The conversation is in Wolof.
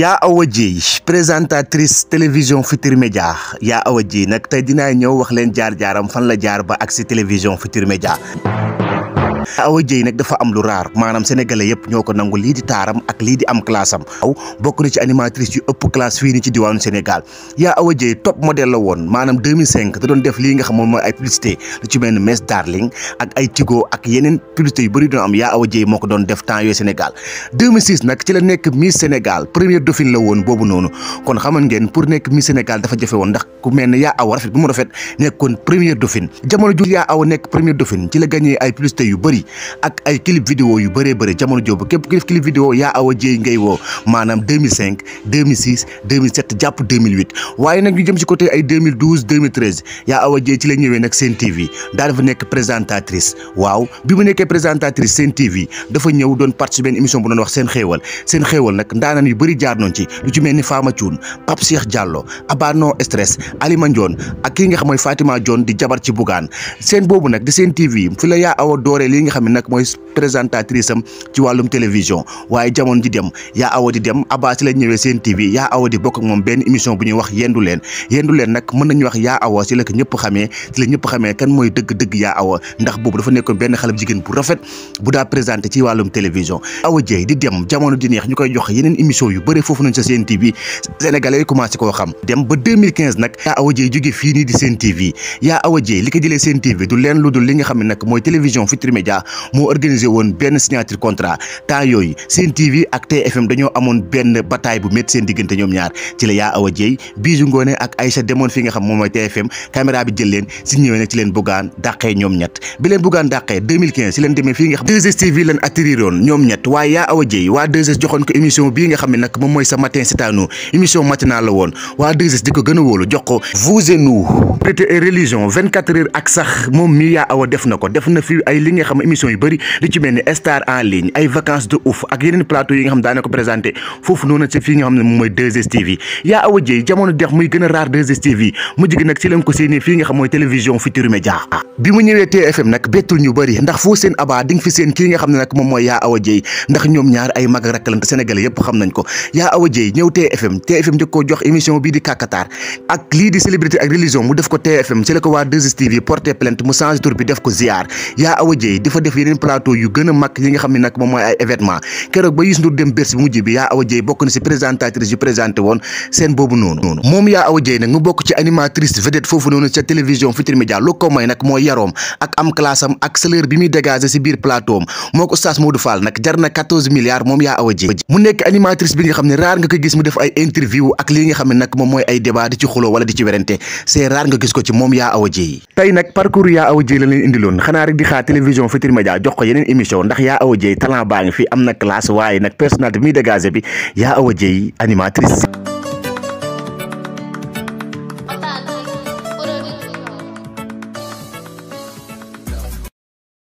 yaa awa jéey présentatrice télévision Futur Média yaa awa jéey nag tey dinaa ñëw wax leen jaar jaaram fan la jaar ba ak si télévision Futur Média Awa Dieye nag dafa am lu raar maanaam sénégalais yëpp ñoo ko nangu lii di taaram ak lii di am classe am bokk na ci animatrice yu ëpp classe fii ni ci diwaanu Sénégal yaa Awa Dieye top modèle la woon maanaam 2005 da doon def lii nga xam moom ay publicité lu ci mel ni Darling ak ay Tigo ak yeneen publicité yu bëri doon am yaa Awa Dieye moo ko doon def temps yooyu Sénégal 2006 nag Sénégal première dauphine la nekk Miss Sénégal première dauphine bëri ak ay clip vidéo yu bëree bëri jamono joobu képp clip clip ya yaa awa jéey ngay woo maanaam 2005 2006 2007 jàpp 2008 waaye nag ñu jëm ci côté ay 2012 2013 yaa Awa Dieye ci la ñëwee nag Sen TV daal fa nekk présentatrice waaw bi mu nekkee présentatrice Sen TV dafa ñëw doon participer benn émission doon wax seen xéewal seen xéewal nag ndaanaan yu bëri jaar noonu ci lu ci mel ni Fama Thioune Pape Cheikh Diallo Aba No Stress Alima Ndione ak kii nga xam mooy Fatima Dione di jabar ci Bougane seen boobu nag di Sen TV fi yaa Awa dooree lii nga xam ne nag mooy présentatrice am ci wàllum télévision waaye jamono ji dem yaa Awa di dem Aba ci la ñëwee Sen TV Yaa Awa di bokk moom benn émission bu ñuy wax yendu leen yendu leen nag mën nañu wax Yaa Awa si la ko ñëpp si la ñëpp xamee kan mooy dëgg-dëgg Yaa Awa ndax boobu dafa nekkoon benn xale bu jigéen bu rafet bu daa présenté ci wàllum télévision Awa Dieye di dem jamono di neex ñu koy jox yeneen émission yu bëri foofu nañ sa Sen TV sénégalais yi commencé koo xam dem ba 2015 Yaa Awa Dieye jóge fii nii di Sen TV Yaa Awa Dieye li ko jëlee Sen TV deret seen diggante ñoom ñaar ci la yaa awa jeey Bijou Ngoné ak Aïcha demoon fi nga xam moom mooy TFM caméra bi jël si ñëwee ci leen buggaan dàqee ñoom ñett bi leen buggaan dàqee 2015 leen demee fii nga xam 2STV leen attiriroon ñoom ñett waaye yaa awa jeey waa 2 joxoon ko émission bii nga xam ne nag moom mooy sa matin c'est à nous émission matinale woon waa 2S ko gën a wóolu jox ko et nous prêté et religion 24 ak sax moom mii yaa xam ne moom mooy 2STV yi dex muy gën a raar 2STV yi mujj nag si ko séenee fii nga xam mooy télévision Futurs Médias bi mu ñëwee TFM nag bettul ñu bëri ndax foo seen abaa fi seen kii nga xam ne nag moom mooy yaa ndax ñoom ñaar ay mag ak rakkalante sénégalais xam nañ ko yaa Awa ñëw TFM TFM jëkk jox émission bii di ak lii di célébrité ak religion mu def ko TFM ci la ko stv porté plainte mu changé tur def ko a présentatrice woon seen boobu noonu moom yaa awa jëy nag mu bokk ci animatrice vedette foofu noonu ca télévision Futurs Médias lu ko mooy yaroom ak am classe am ak salaire bi mu nekk bi yaa awa jëy Animatriz.